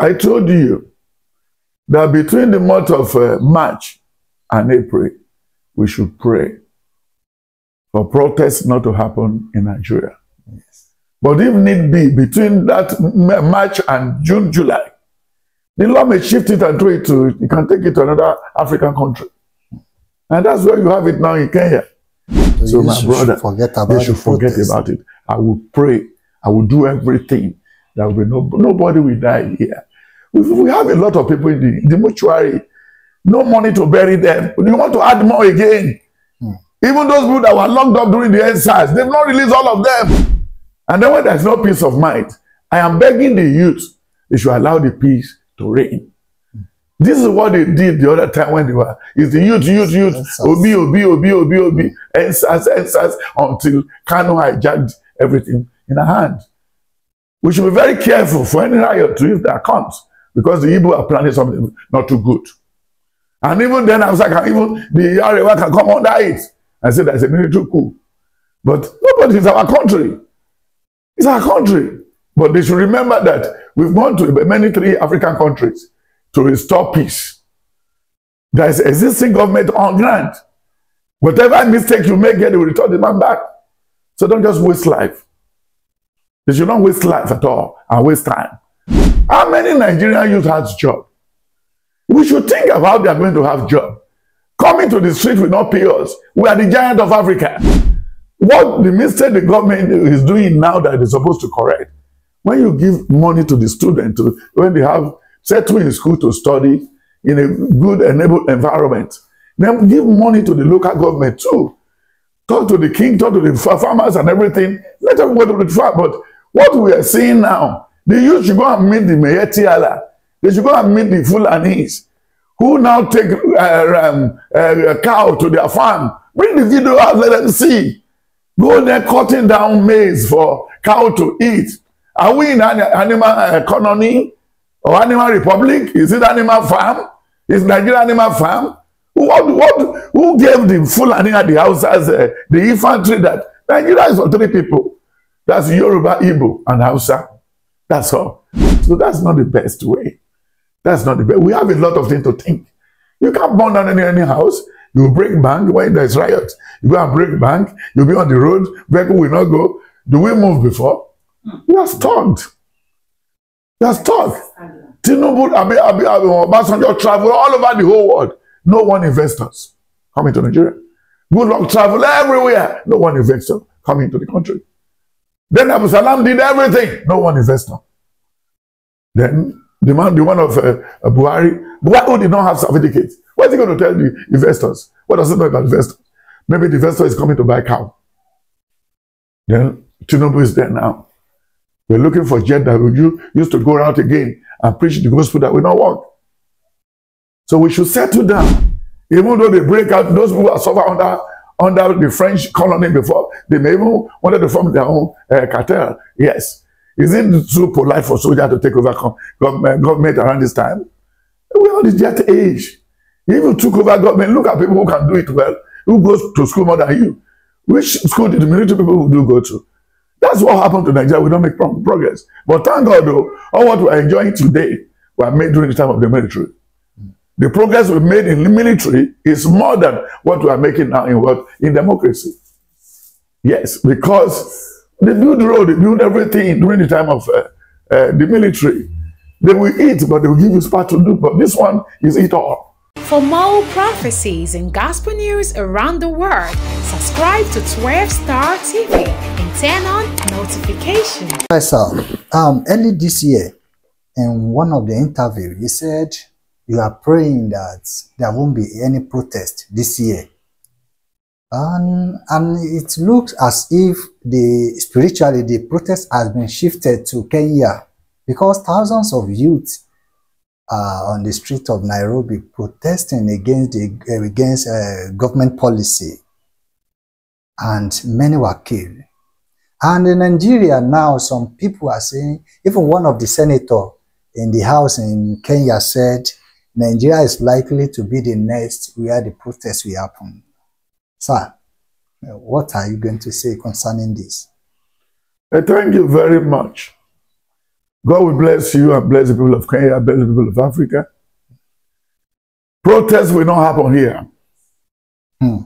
I told you that between the month of uh, March and April, we should pray for protests not to happen in Nigeria. Yes. But if need be, between that March and June, July, the law may shift it and throw it to, you can take it to another African country. And that's where you have it now in Kenya. So, so my brother, forget about you should forget protest. about it. I will pray. I will do everything There will be no, nobody will die here. We, we have a lot of people in the, the mortuary. No money to bury them. Do You want to add more again. Mm. Even those people that were locked up during the exercise, they've not released all of them. And then when there's no peace of mind, I am begging the youth, they should allow the peace to reign. This is what they did the other time when they were. It's the youth, youth, youth, Obi, Obi, Obi, Obi, Obi, NSAS, NSAS, until Kano hijacked everything in her hand. We should be very careful for any riot to if that comes because the Igbo are planning something not too good. And even then, I was like, even the Yarewa can come under it and say that's a military coup. But nobody is our country. It's our country. But they should remember that we've gone to many three African countries to restore peace. There is existing government on ground. Whatever mistake you make, they will return the man back. So don't just waste life. They should not waste life at all and waste time. How many Nigerian youth has job? We should think of how they are going to have job. Coming to the street will not pay us. We are the giant of Africa. What the mistake the government is doing now that they're supposed to correct, when you give money to the student, to, when they have settled in school to study in a good enabled environment, then give money to the local government too. Talk to the king, talk to the farmers and everything. Let everybody go to the farm, but What we are seeing now, the youth should go and meet the Meyeti Allah. They should go and meet the Fulanis who now take uh, um, uh, a cow to their farm. Bring the video out, let them see. Go there cutting down maize for cow to eat. Are we in an animal economy or animal republic? Is it animal farm? Is Nigeria animal farm? What, what, who gave the Fulani and the Hausas, uh, the infantry that Nigeria is for three people. That's Yoruba, Igbo, and Hausa. That's all. So that's not the best way. That's not the best. We have a lot of things to think. You can't burn down any, any house. You break bank when there's riot. You go and break bank. You'll be on the road. Vehicle will not go. Do we move before? We are stuck. We are stuck. Tinubu, Abi, Abi, Abi, Obasanjo travel all over the whole world. No one investors coming to Nigeria. Good luck travel everywhere. No one investor coming to the country. Then Abu Salam did everything. No one is extra. Then the man, the one of uh, Buhari, Buhari did not have certificates? What is he going to tell the investors? What does he know about investors? Maybe the investor is coming to buy cow. Then Tinubu is there now. We're looking for jet that you used to go out again and preach the gospel that will not work. So we should settle down. Even though they break out, those who are suffer under under the French colony before. They may even wanted to form their own uh, cartel. Yes. Is it too polite for soldiers to take over government, uh, government around this time? We are this jet age. Even took over government. Look at people who can do it well, who goes to school more than you. Which school did the military people do go to? That's what happened to Nigeria. We don't make progress. But thank God, though, all what we are enjoying today were made during the time of the military. The progress we made in the military is more than what we are making now in what in democracy. Yes, because they build road, they build everything during the time of uh, uh, the military. They will eat, but they will give you spot to do. But this one is eat all. For more prophecies and gospel news around the world, subscribe to 12 Star TV and turn on notifications. Hi, sir. Um, early this year, in one of the interviews, he said you are praying that there won't be any protest this year. And, and it looks as if the spiritually the protest has been shifted to Kenya because thousands of youths are on the street of Nairobi protesting against the, against uh, government policy, and many were killed. And in Nigeria now, some people are saying even one of the senator in the house in Kenya said Nigeria is likely to be the next where the protest will happen. Sir, what are you going to say concerning this? I thank you very much. God will bless you and bless the people of Kenya, bless the people of Africa. Protests will not happen here. Hmm.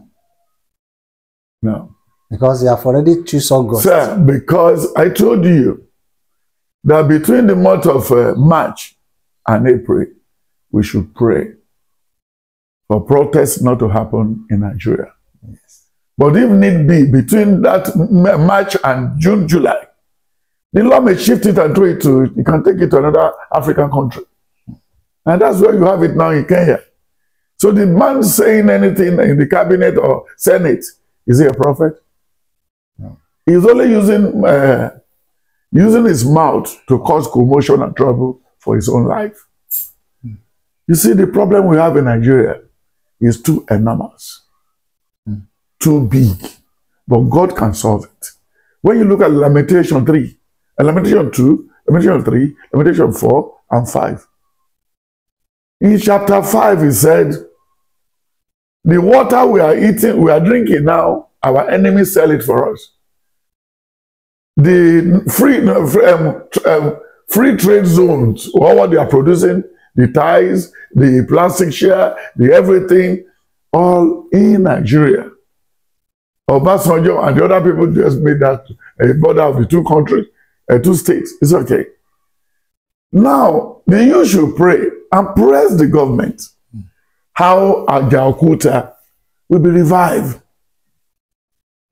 No. Because they have already choose August. Sir, because I told you that between the month of uh, March and April, we should pray for protests not to happen in Nigeria. Yes. But if need be, between that March and June, July, the law may shift it and throw it to, you can take it to another African country. And that's where you have it now in Kenya. So the man saying anything in the cabinet or senate, is he a prophet? No. He's only using, uh, using his mouth to cause commotion and trouble for his own life. You see, the problem we have in Nigeria is too enormous, mm. too big, but God can solve it. When you look at Lamentation 3, Lamentation 2, Lamentation 3, Lamentation 4, and 5, in chapter 5, he said, The water we are eating, we are drinking now, our enemies sell it for us. The free, um, um, free trade zones, what they are producing, the ties, the plastic chair, the everything, all in Nigeria. Obasanjo and the other people just made that a border of the two countries, uh, two states. It's okay. Now, the you should pray and press the government how Ajaokuta will be revived.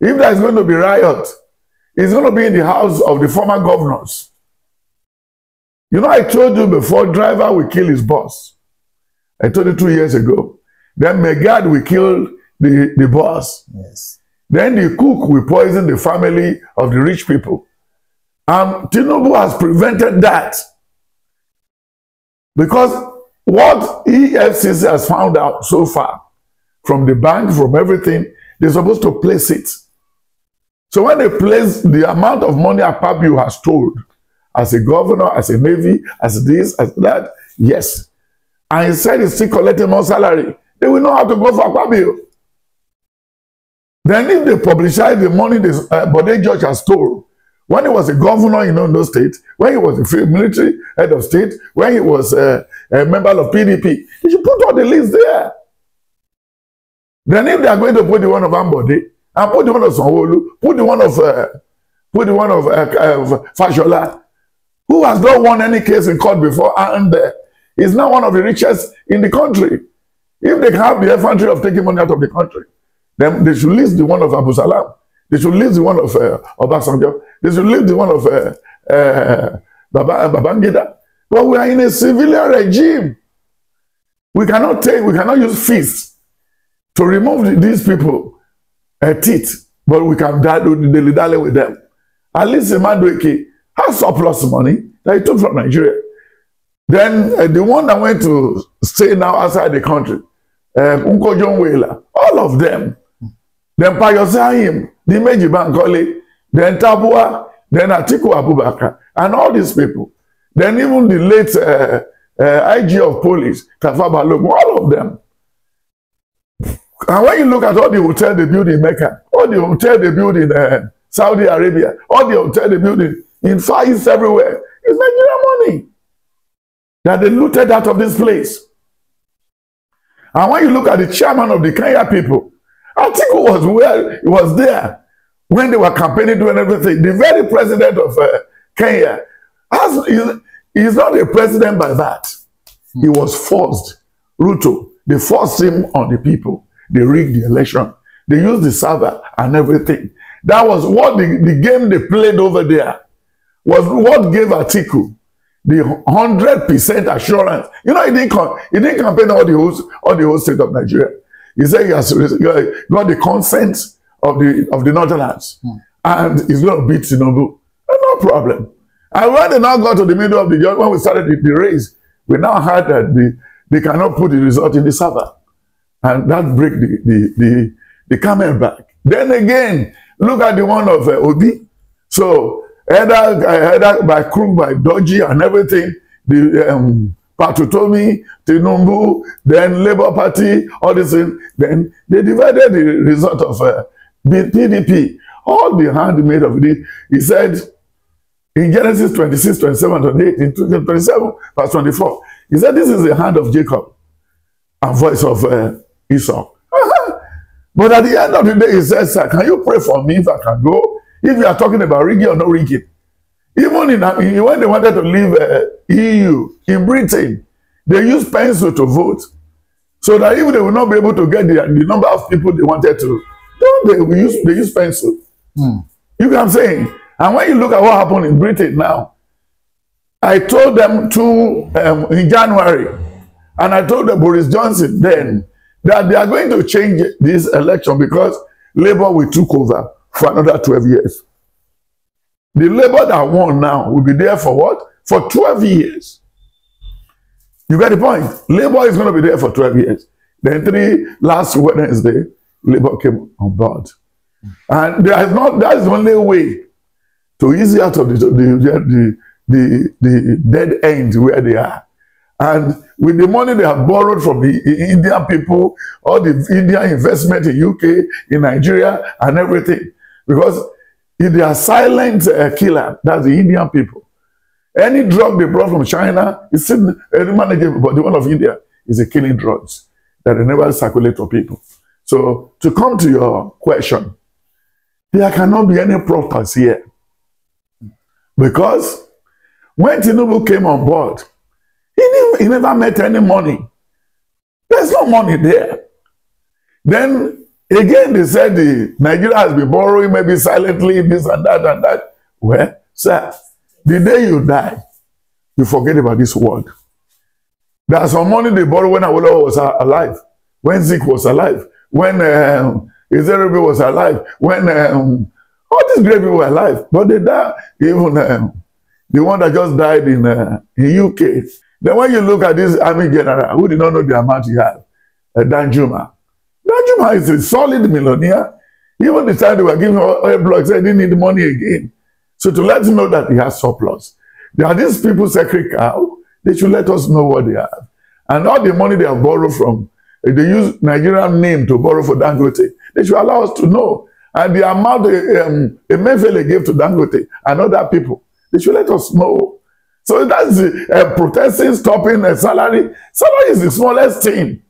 If there is going to be riot, it's going to be in the house of the former governors. You know, I told you before, driver will kill his boss. I told you two years ago. Then Megad will kill the, the boss. Yes. Then the cook will poison the family of the rich people. Um, Tinubu has prevented that. Because what EFCC has found out so far from the bank, from everything, they're supposed to place it. So when they place the amount of money Apabio has told, as a governor, as a navy, as this, as that. Yes. And instead is still collecting more salary. They will know how to go for Akpabio. Then if they publish the money this uh, Bode George has stole, when he was a governor in Ondo State, when he was a military head of state, when he was uh, a member of PDP, he should put all the list there. Then if they are going to put the one of Ambode, and put the one of sanwo put the one of uh, put the one of, uh, of uh, Fashola, who has not won any case in court before and uh, is now one of the richest in the country. If they have the effrontery of taking money out of the country, then they should list the one of Abu Salam. They should list the one of uh, Obasanjo. They should list the one of uh, uh, Baba, uh, Babangida. But we are in a civilian regime. We cannot take, we cannot use fists to remove the, these people uh, teeth, but we can dilly dally with them. At least Emmanuel has surplus money that he took from Nigeria. Then uh, the one that went to stay now outside the country, uh, um, Unko John Wheeler. all of them. Then Payosahim, the Meji Bankole, then Tabua, then Atiku Abubakar, and all these people. Then even the late uh, uh, IG of police, Tafa Balogun, all of them. And when you look at all the hotels they build in Mecca, all the hotels they build in uh, Saudi Arabia, all the hotels they build in in Far everywhere. It's Nigerian money that they looted out of this place. And when you look at the chairman of the Kenya people, I think it was where it was there when they were campaigning, doing everything. The very president of uh, Kenya, has, he's, he's not a president by that. He was forced. Ruto, they forced him on the people. They rigged the election. They used the server and everything. That was what the, the game they played over there was what gave Atiku the hundred percent assurance. You know, he didn't con- he didn't campaign all the whole all the whole state of Nigeria. He said he has got the consent of the of the Northerners, mm. and he's going to beat Tinubu. No problem. And when they now got to the middle of the job, when we started the, the race, we now heard that the, they cannot put the result in the server, and that break the the the, the camel back. Then again, look at the one of uh, Obi. So either, either by crook, by dodgy and everything, the um, Patutomi, Tinumbu, then Labour Party, all these things, then they divided the result of uh, eh, PDP. All the handmaid of it, he said in Genesis 26, 27, 28, in 27, verse 24, he said, This is the hand of Jacob and voice of uh, Esau. but at the end of the day, he says, Sir, can you pray for me if I can go? if you are talking about rigging or not rigging. Even in, when they wanted to leave uh, EU, in Britain, they used pencil to vote. So that even they will not be able to get the, the number of people they wanted to, don't they use, they use pencil. Mm. You know what I'm saying? And when you look at what happened in Britain now, I told them to um, in January, and I told the Boris Johnson then that they are going to change this election because Labour will took over for another 12 years. The labor that won now will be there for what? For 12 years. You get the point? Labor is going to be there for 12 years. Then three last Wednesday, labor came on board. And there is not that is the only way to ease out of the, the, the, the, dead end where they are. And with the money they have borrowed from the Indian people, all the Indian investment in UK, in Nigeria, and everything, Because if they are silent uh, killer, that's the Indian people. Any drug they brought from China, it's still every manageable, but the one of India is a killing drugs that they never circulate to people. So to come to your question, there cannot be any prophets here. Because when Tinubu came on board, he, knew, he never met any money. There's no money there. Then Again, they said the Nigeria has been borrowing maybe silently this and that and that. Well, sir, the day you die, you forget about this world. There are some money they borrowed when Awolowo was alive, when Zik was alive, when um, Ezerebe was alive, when um, all these great people were alive, but they died. Even um, the one that just died in uh, in UK. Then when you look at this army general, who did not know the amount he had, uh, Dan Juma, Najuma is a solid millionaire. Even the time they were giving oil blocks, they didn't need money again. So to let him know that he has surplus. There are these people, sacred cow, they should let us know what they have. And all the money they have borrowed from, eh, they use Nigerian name to borrow for Dangote. They should allow us to know. And the amount eh, um, Emefele gave to Dangote and other people, they should let us know. So that's uh, protesting, stopping a salary. Salary is the smallest thing.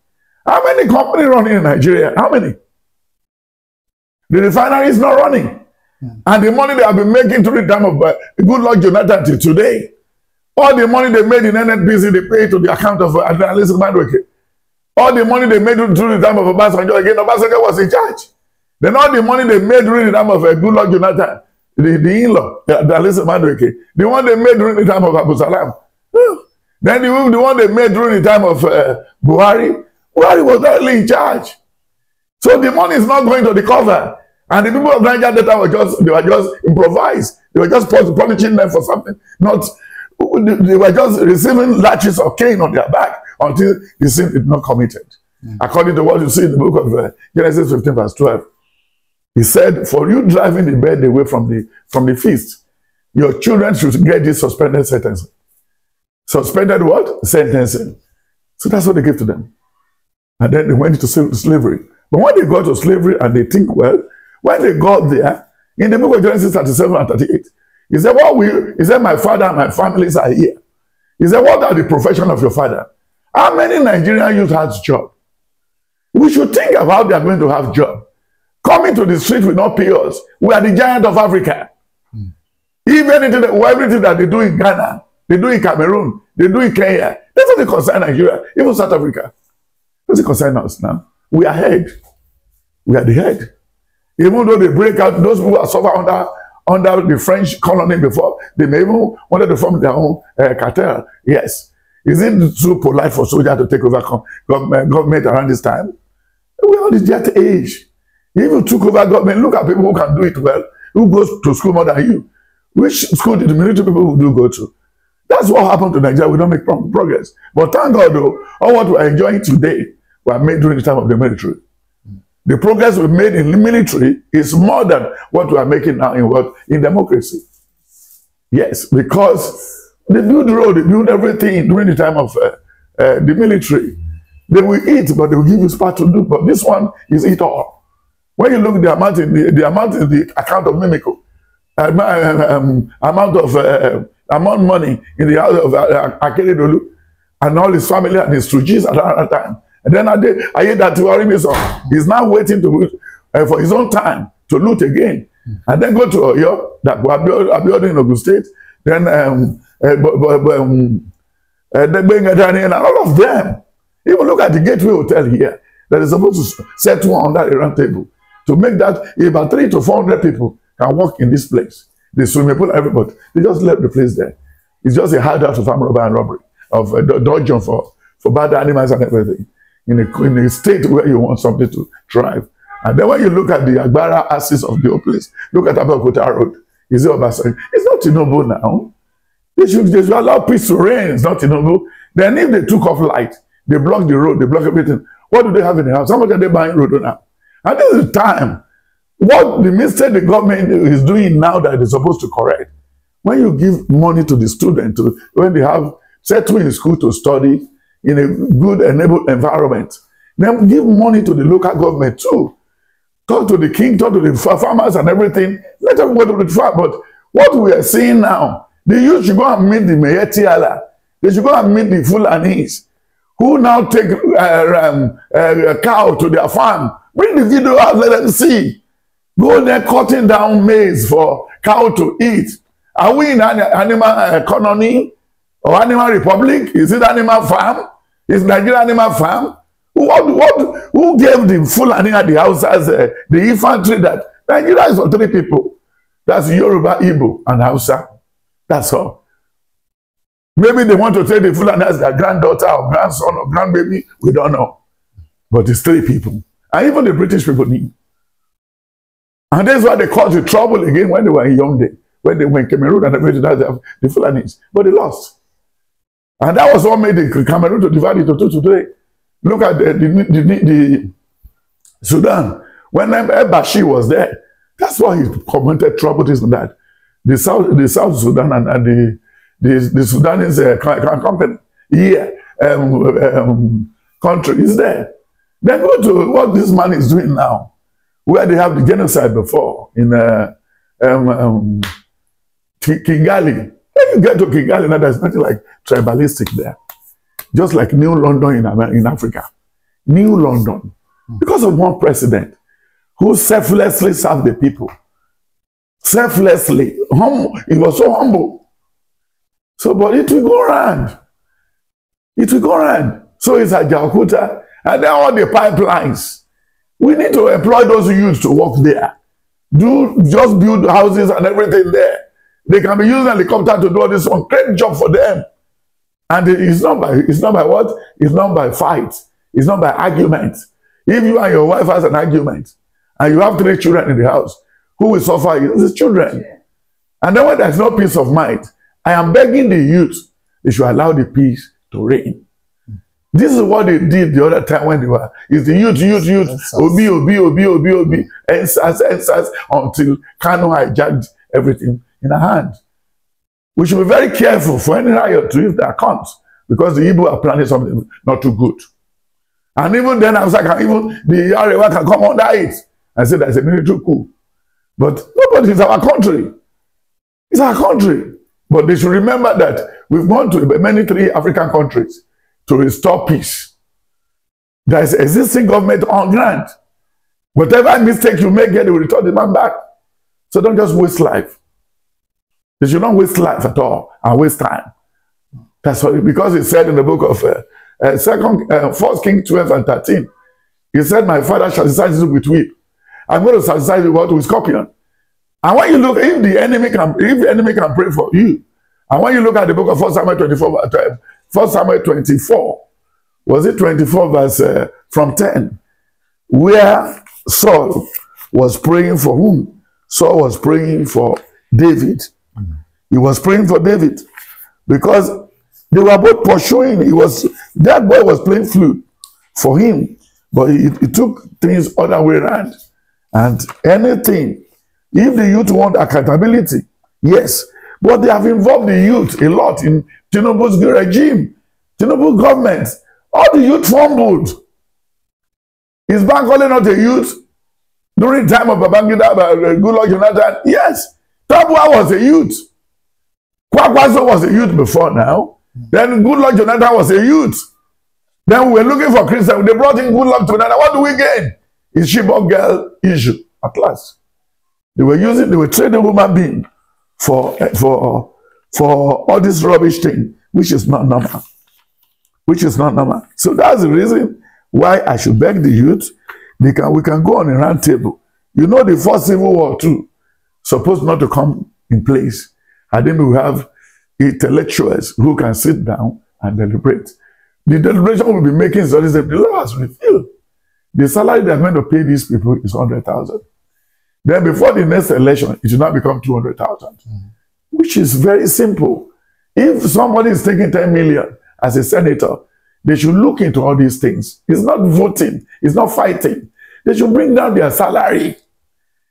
How many companies running in Nigeria? How many? The refinery is not running. Yeah. Hmm. And the money they have been making through the time of uh, good luck Jonathan till today, all the money they made in NNPC, they pay to the account of uh, Analyst Mandweke. All the money they made through the time of Obasanjo, again, Obasanjo was in charge. Then all the money they made during the time of uh, good luck Jonathan, the, the in-law, the Analyst the one they made during the time of Abu Salam, then the, the one they made during the time of uh, Buhari, Buhari was directly in charge. So the money is not going to the cover. And the people of Niger Delta were just, they were just improvised. They were just punishing them for something. Not, they were just receiving latches of cane on their back until the sin did not committed. Mm. According to what you see in the book of uh, Genesis 15 verse 12, he said, for you driving the bed away from the, from the feast, your children should get this suspended sentence. Suspended what? Sentencing. So that's what they gave to them and then they went into slavery. But when they got to slavery and they think, well, when they got there, in the book of Genesis 37 and 38, he said, What will he said, My father and my families are here. He said, What are the profession of your father? How many Nigerian youth has job? We should think of how they are going to have job. Coming to the street will not pay us. We are the giant of Africa. Mm. into the everything that they do in Ghana, they do in Cameroon, they do in Kenya, that's not the concern Nigeria, even South Africa doesn't concern us now. We are head. We are the head. Even though they break out, those who are suffer under under the French colony before, they may even wanted to form their own uh, cartel. Yes. Is it too polite for soldiers to take over eh, government, around this time? We are this jet age. If you took over government, look at people who can do it well, who goes to school more than you. Which school did the military people who do go to? That's what happened to Nigeria. We don't make progress. But thank God, though, all what we are enjoying today were made during the time of the military. The progress we made in the military is more than what we are making now in what in democracy. Yes, because they build road, they build everything during the time of uh, uh, the military. They will eat, but they will give you part to do. But this one is eat all. When you look the amount in the, the amount in the account of Mimico, uh, um, um, amount of uh, uh amount money in the house of uh, uh, Akeredolu and all his family and his refugees at that time, Then And then that Oribison is now waiting to uh, for his own time to loot again. Hmm. And then go to Oyo, that Abiodun in Ogun State, then um, uh, b- b- um, uh, and all of them. Even look at the Gateway Hotel here that is supposed to set one on that round table to make that about three to 400 people can walk in this place. The swimming pool, everybody. They just left the place there. It's just a hideout of armed robbery robbery, of uh, dungeon for, for bad animals and everything in a, in a state where you want something to thrive. And then when you look at the Agbara axis of the whole place, look at Abakuta Road, is it Obasanjo? It's not Tinubu now. They should, they should allow peace to reign, it's not Tinubu. Then if they took off light, they block the road, they block everything. What do they have in the house? How much are they buying road now? And this is the time. What the mistake the government is doing now that they're supposed to correct. When you give money to the student, to, when they have settle in school to study, in a good enable environment. Then give money to the local government too. Talk to the king, talk to the farmers and everything. Let them go to the farm. But what we are seeing now, the youth should go and meet the Meyetiala. They should go and meet the Fulanis, who now take uh, um, uh, a cow to their farm. Bring the video out, let them see. Go there cutting down maize for cow to eat. Are we in an animal economy or animal republic? Is it animal farm? Is Nigeria animal farm? What, what, who gave the Fulani and the Hausas, uh, the infantry that Nigeria is for three people? That's Yoruba, Igbo, and Hausa. That's all. Maybe they want to take the Fulani as their granddaughter or grandson or grandbaby. We don't know. But it's three people. And even the British people need. And that's why they caused the trouble again when they were in Yaoundé, when they went Cameroon and everything else, the Fulanis. But they lost. And that was what made the Cameroon to divide into two today. Look at the, the, the, the Sudan. When Ebashi was there, that's why he commented trouble this and that. The South, the South Sudan and, and the, the, the Sudanese uh, company, yeah, um, um, country is there. Then go to what this man is doing now, where they have the genocide before in uh, um, um, Kigali. When you get to Kigali, now there's nothing like tribalistic there. Just like New London in, in Africa. New London. Because of one president who selflessly served the people. Selflessly. Humble. He was so humble. So, but it will go around. It will go around. So it's at Jakarta. And then all the pipelines. We need to employ those youths to work there. Do just build houses and everything there. They can be using helicopter to do all this one. Great job for them. And it's not by it's not by what? It's not by fight. It's not by argument. If you and your wife has an argument and you have three children in the house, who will suffer? It's the children. Yeah. And then when there's no peace of mind, I am begging the youth, they should allow the peace to reign. This is what they did the other time when they were. Is the youth, youth, youth, Obi, Obi, Obi, Obi, Obi, NSAS, NSAS, until Kano hijacked everything in our hands. We should be very careful for any riot to if there comes because the Igbo are planning something not too good. And even then, I was like, even the Yarewa can come under it and say there's a military coup. But nobody is our country. It's our country. But they should remember that we've gone to many three African countries to restore peace. There is existing government on ground. Whatever mistake you make, they will return the man back. So don't just waste life. You should not waste life at all and waste time. That's what, because he said in the book of uh, uh, Second, uh, First King twelve and thirteen, he said, "My father shall satisfy you with wheat. I'm going to satisfy you with scorpion." And when you look, if the enemy can, if the enemy can pray for you, and when you look at the book of First Samuel twenty 24, 1 Samuel twenty-four, was it 24 verse uh, from ten, where Saul was praying for whom? Saul was praying for David. He was praying for David because they were both pursuing. He was that boy was playing flute for him, but he, he took things other way around. And anything, if the youth want accountability, yes, but they have involved the youth a lot in Tinubu's regime, Tinubu government. All the youth fumbled. Is Bankole not a youth? During time of Babangida, uh, Goodluck Jonathan, yes, Tabua was a youth. Kwakwaso was a youth before now. Then Goodluck Jonathan was a youth. Then we were looking for Christian. They brought in Goodluck Jonathan. What do we gain? It's Shibok girl issue at last. They were using, they were trading human being for, eh, for, for all this rubbish thing, which is not normal. Which is not normal. So that's the reason why I should beg the youth. They can, we can go on a round table. You know the first civil war too supposed not to come in place. And then we have intellectuals who can sit down and deliberate. The deliberation will be making studies that the law has revealed. The salary they are going to pay these people is 100,000. Then before the next election, it should not become 200,000, mm. which is very simple. If somebody is taking 10 million as a senator, they should look into all these things. It's not voting, it's not fighting. They should bring down their salary.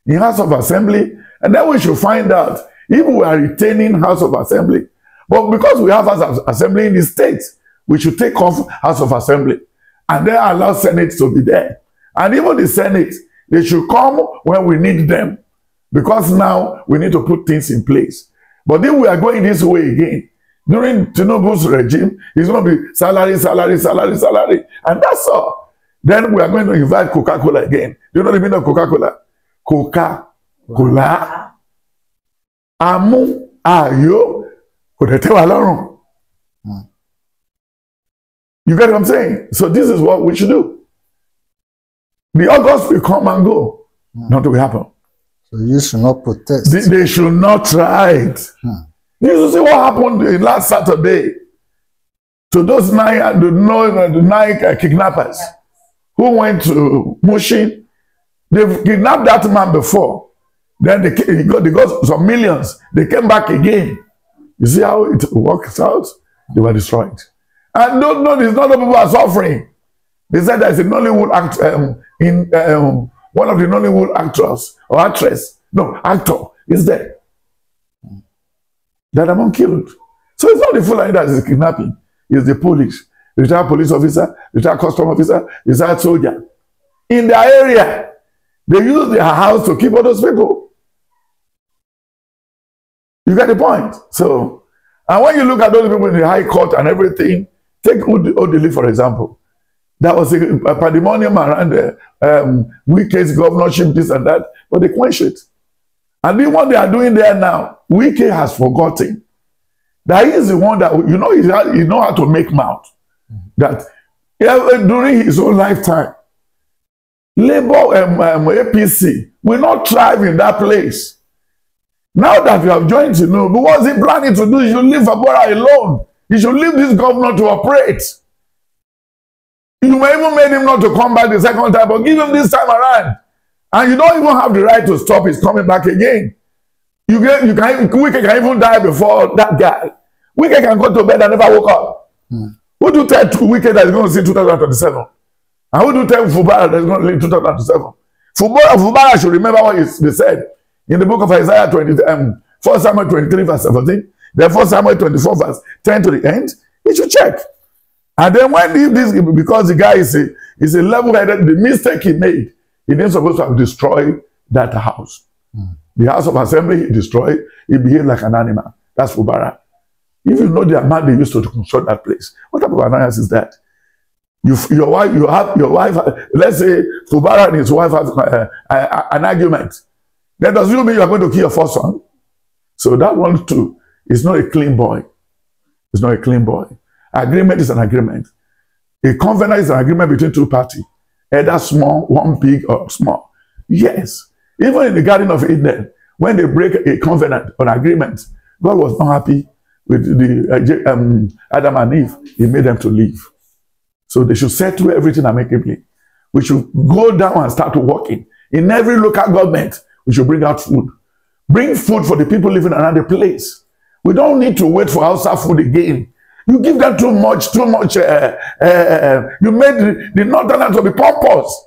In House of Assembly, And then we should find out if we are retaining House of Assembly. But because we have House of Assembly in the states, we should take off House of Assembly and then allow Senate to be there. And even the Senate, they should come when we need them because now we need to put things in place. But if we are going this way again, during Tinubu's regime, it's going to be salary, salary, salary, salary. And that's all. Then we are going to invite Coca-Cola again. Do you know the meaning of Coca-Cola? Coca gòlá amú ààyò kò dẹ̀ tẹ́ wa lọ́rùn. Hmm. You get what I'm saying? So this is what we should do. The August will come and go. Mm. Not will happen. So you should not protest. They, they should not try it. Mm. You see what happened last Saturday to those nine, uh, the, nine, uh, the nine uh, kidnappers who went to Mushin. They've kidnapped that man before. Then they came, they got, they got some millions. They came back again. You see how it works out? They were destroyed. And don't notice, not all people are suffering. They said there's a Nollywood act um, in um, one of the Nollywood actors or actress, no, actor is there. That among killed. So it's not the Fulani that is kidnapping, it's the police. Retired police officer, retired customs officer, retired soldier. In their area, they use their house to keep all those people. You get the point? So, and when you look at those people in the high court and everything, take Odili, for example. That was a, a pandemonium around the um, Wike's governorship, this and that, but they quench it. And then what they are doing there now, Wike has forgotten that he is the one that, you know, he, he know how to make mouth. That yeah, during his own lifetime, Labour um, um, APC will not thrive in that place. Now that you have joined Tinubu, is he planning to do? You should leave Abora alone. You should leave this governor to operate. You may even made him not to come back the second time, but give him this time around. And you don't even have the right to stop his coming back again. You get. you can, Wike can even die before that guy. Wike can go to bed and never woke up. Hmm. Who do tell to Wike that is going to see 2027? And who do tell Fubara that is going to live 2027? Fubara, Fubara should remember what he said in the book of Isaiah 20, um, 1 Samuel 23, verse 17, then 1 Samuel 24, verse 10 to the end, you should check. And then when he, this, because the guy is a, is a level-headed, the mistake he made, he didn't supposed to have destroyed that house. Mm. The house of assembly he destroyed, he behaved like an animal. That's Fubara. If you know the amount they used to construct that place, what type of annoyance is that? You, your wife, you have your wife. Let's say Fubara and his wife have uh, uh, an argument. That doesn't mean you are going to kill your first son. So that one too is not a clean boy. It's not a clean boy. Agreement is an agreement. A covenant is an agreement between two parties, either small, one big, or small. Yes. Even in the Garden of Eden, when they break a covenant or agreement, God was not happy with the uh, um, Adam and Eve. He made them to leave. So they should settle everything amicably. We should go down and start working in every local government we should bring out food. Bring food for the people living another place. We don't need to wait for outside food again. You give them too much, too much. Uh, uh, you made the, the northerners to be pompous.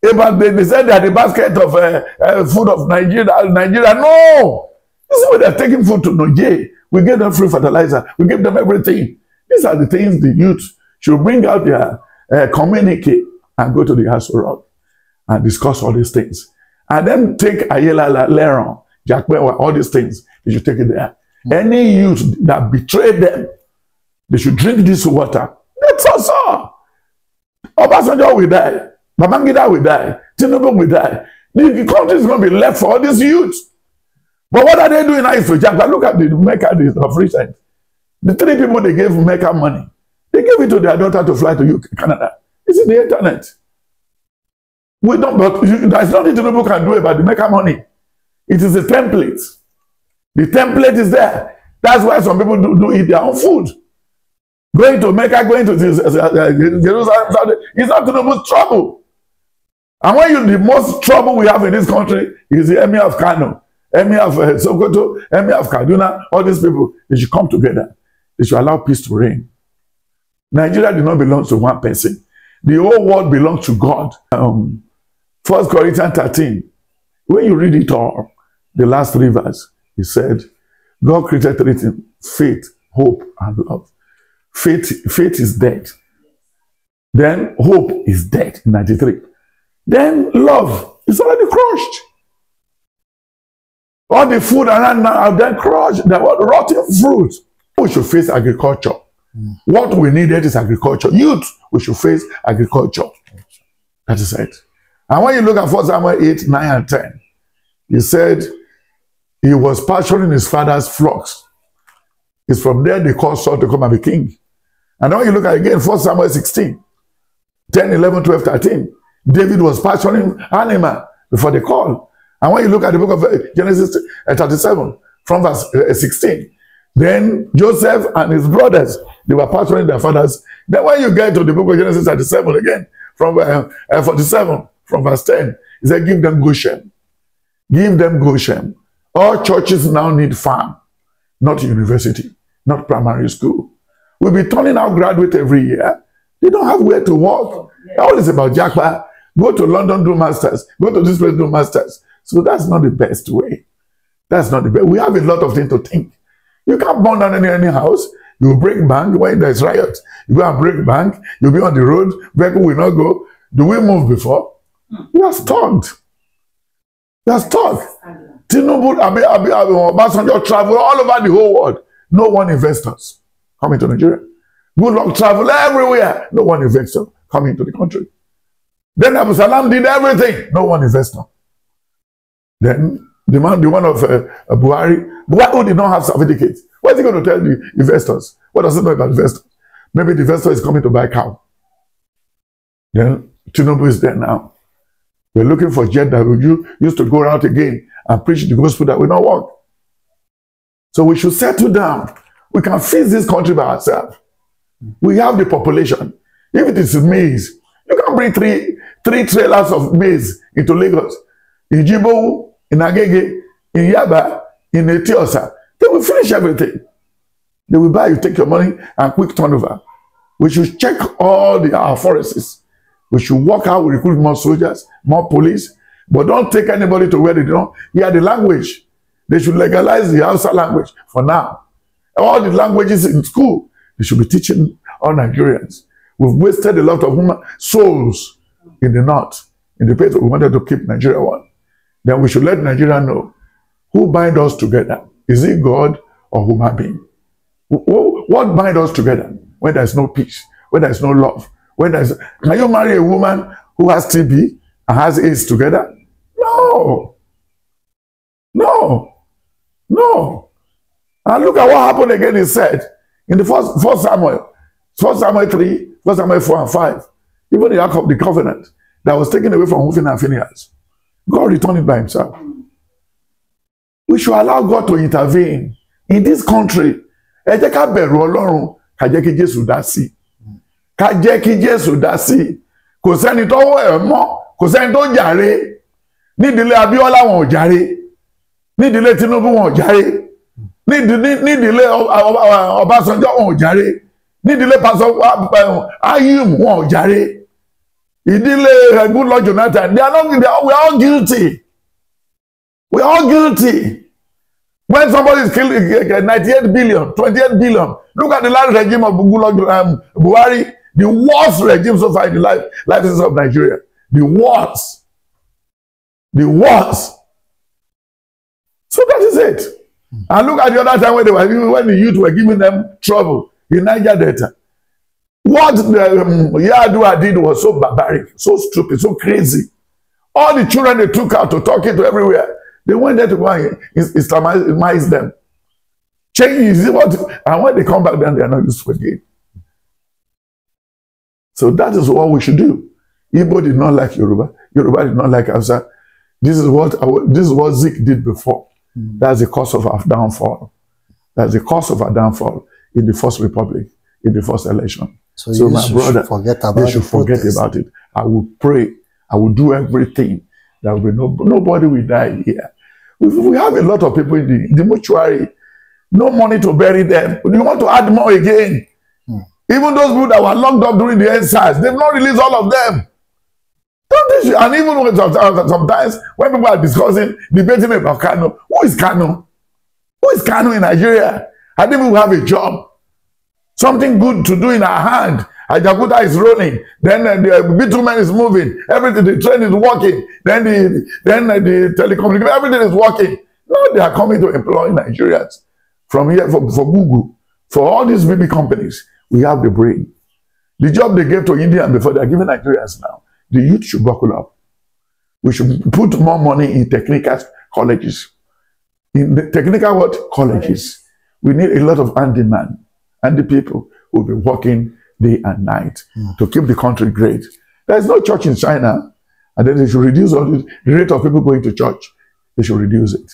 But they, said they had a basket of uh, food of Nigeria. Nigeria, no! This is where they're taking food to Nigeria. We give them free fertilizer. We give them everything. These are the things the youth should bring out their communicate and go to the House of and discuss all these things. And then take Ayala Leron, Jacqueline, all these things. They should take it there. Hmm. Any youth that betrayed them, they should drink this water. That's also. Obasanjo will die. Babangida will die. Tinubu will die. The country is going to be left for all these youth. But what are they doing now if you jack? Look at the Mecca of recent. The three people they gave Mecca money, they gave it to their daughter to fly to UK, Canada. It's in the internet. We don't, but you, there's nothing people can do about the maker money. It is a template. The template is there. That's why some people do, do eat their own food. Going to Mecca, going to Jerusalem, it's not Tinubu's trouble. And when you, the most trouble we have in this country is the emir of Kano, emir of uh, Sokoto, emir of Kaduna, all these people, they should come together. They should allow peace to reign. Nigeria did not belong to one person. The whole world belongs to God. Um, First Corinthians 13, when you read it all, the last three verses, he said, God created three things faith, hope, and love. Faith, faith is dead. Then hope is dead in 93. Then love is already crushed. All the food around now have been crushed. They were rotten fruit. We should face agriculture. What we needed is agriculture. Youth, we should face agriculture. That is it. And when you look at 1 Samuel 8, 9, and 10, he said he was pasturing his father's flocks. It's from there they called Saul to come and be king. And then when you look at again 1 Samuel 16, 10, 11, 12, 13, David was pasturing animal before the call. And when you look at the book of eh, Genesis 37, eh, from verse 16, eh, then Joseph and his brothers, they were pasturing their fathers. Then when you get to the book of Genesis 37 again, from uh, 47, from verse 10. He said, Give them Goshen. Give them Goshen. All churches now need farm, not university, not primary school. We'll be turning out graduates every year. They don't have where to work. All is about Jackpot. Go to London, do masters. Go to this place, do masters. So that's not the best way. That's not the best. We have a lot of things to think. You can't burn down any, any house. You break bank when there's riots? You go and break bank. You'll be on the road. Vehicle will not go. Do we move before? we are stunned we are stunned Tinubu abi abi abi Obasanjo travel all over the whole world no one investors coming to Nigeria good luck travel everywhere no one investor coming to the country then Abu Salam did everything no one investor then the man the one of uh, uh, Buhari Buhari who did not have certificate what is he going to tell the investors what does he know about investors maybe the investor is coming to buy cow then Tinubu is there now We're looking for gent that we used to go out again and preach the gospel that will not work. So we should settle down. We can fix this country by ourselves. We have the population. If it is maize, you can bring three, three trailers of maize into Lagos, in Jibowu, in Agege, in Yaba, in Etiosa. They will finish everything. They will buy you, take your money, and quick turnover. We should check all the, our forests We should work out, we recruit more soldiers, more police, but don't take anybody to where they don't Yeah, the language. They should legalize the Hausa language for now. All the languages in school, they should be teaching all Nigerians. We've wasted a lot of human souls in the north, in the place we wanted to keep Nigeria one. Then we should let Nigeria know who bind us together. Is it God or human being? What bind us together when there's no peace, when there's no love, When I can you marry a woman who has TB and has AIDS together? No. No. No. And look at what happened again, he said, in the first, first Samuel, first Samuel three, first Samuel four and five. even the Ark of the Covenant that was taken away from Hophni and Phineas, God returned it by himself. We should allow God to intervene in this country. Ẹ jẹ́ ká bẹ̀rù Ọlọ́run, ká Jésù dá sí i ká jẹ́ kí Jésù dá sí i kò sẹ́ni tọ́wọ́ ẹ̀ mọ́ kò sẹ́ni tó jàre nídìílé Abíọ́lá wọn ò jàre nídìílé Tinubu wọn ò jàre nídìílé uh, uh, Ọbásanjọ́ wọn ò jàre nídìílé pásọ uh, um, Ayim wọn ò jàre ìdílé Goodluck Jonathan they are not they are, we are all guilty we are all guilty when somebody is killing 98 billion 28 billion look at the last regime of Goodluck um, Buhari The worst regime so far in the life, life of Nigeria. The worst. The worst. So that is it. And look at the other time when they were when the youth were giving them trouble in Niger Delta. What the um, Yadua did was so barbaric, so stupid, so crazy. All the children they took out to talk it to everywhere, they went there to go and Islamize them. Change is what, and when they come back, then they are not useful again. So that is what we should do. Igbo did not like Yoruba. Yoruba did not like Hausa. This is what our, this is what Zeke did before. Mm. That's the cause of our downfall. That's the cause of our downfall in the first republic, in the first election. So, so my brother, forget about they should forget protest. about it. I will pray. I will do everything. There will be no, nobody will die here. We, we have a lot of people in the, the mortuary. No money to bury them. Do You want to add more again? Even those people that were locked up during the exercise, they've not released all of them. Don't they and even when, sometimes when people are discussing, debating about Kano, who is Kano? Who is Kano in Nigeria? I didn't even have a job. Something good to do in our hand. Ajakuta is rolling. Then uh, the uh, bitumen is moving. Everything, the train is working. Then the then uh, the telecommunication, everything is working. Now they are coming to employ Nigerians from here for, for Google, for all these big companies. We have the brain. The job they gave to India before, they're giving Nigerians now. The youth should buckle up. We should put more money in technical colleges. In the technical what? Colleges. We need a lot of handyman, man, handy people who will be working day and night mm. to keep the country great. There's no church in China. And then they should reduce all the rate of people going to church. They should reduce it.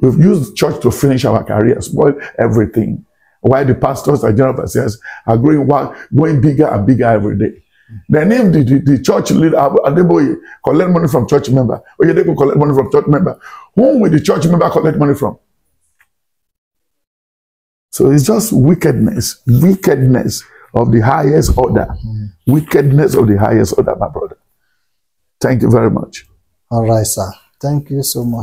We've used church to finish our careers, spoil everything. why the pastors and general pastors are growing one, going bigger and bigger every day. Then if the, the, the church leader Adeboye collect money from church member, or Oyedepo collect money from church member, whom will the church member collect money from? So it's just wickedness, wickedness of the highest order, wickedness of the highest order, my brother. Thank you very much. All right, sir. Thank you so much.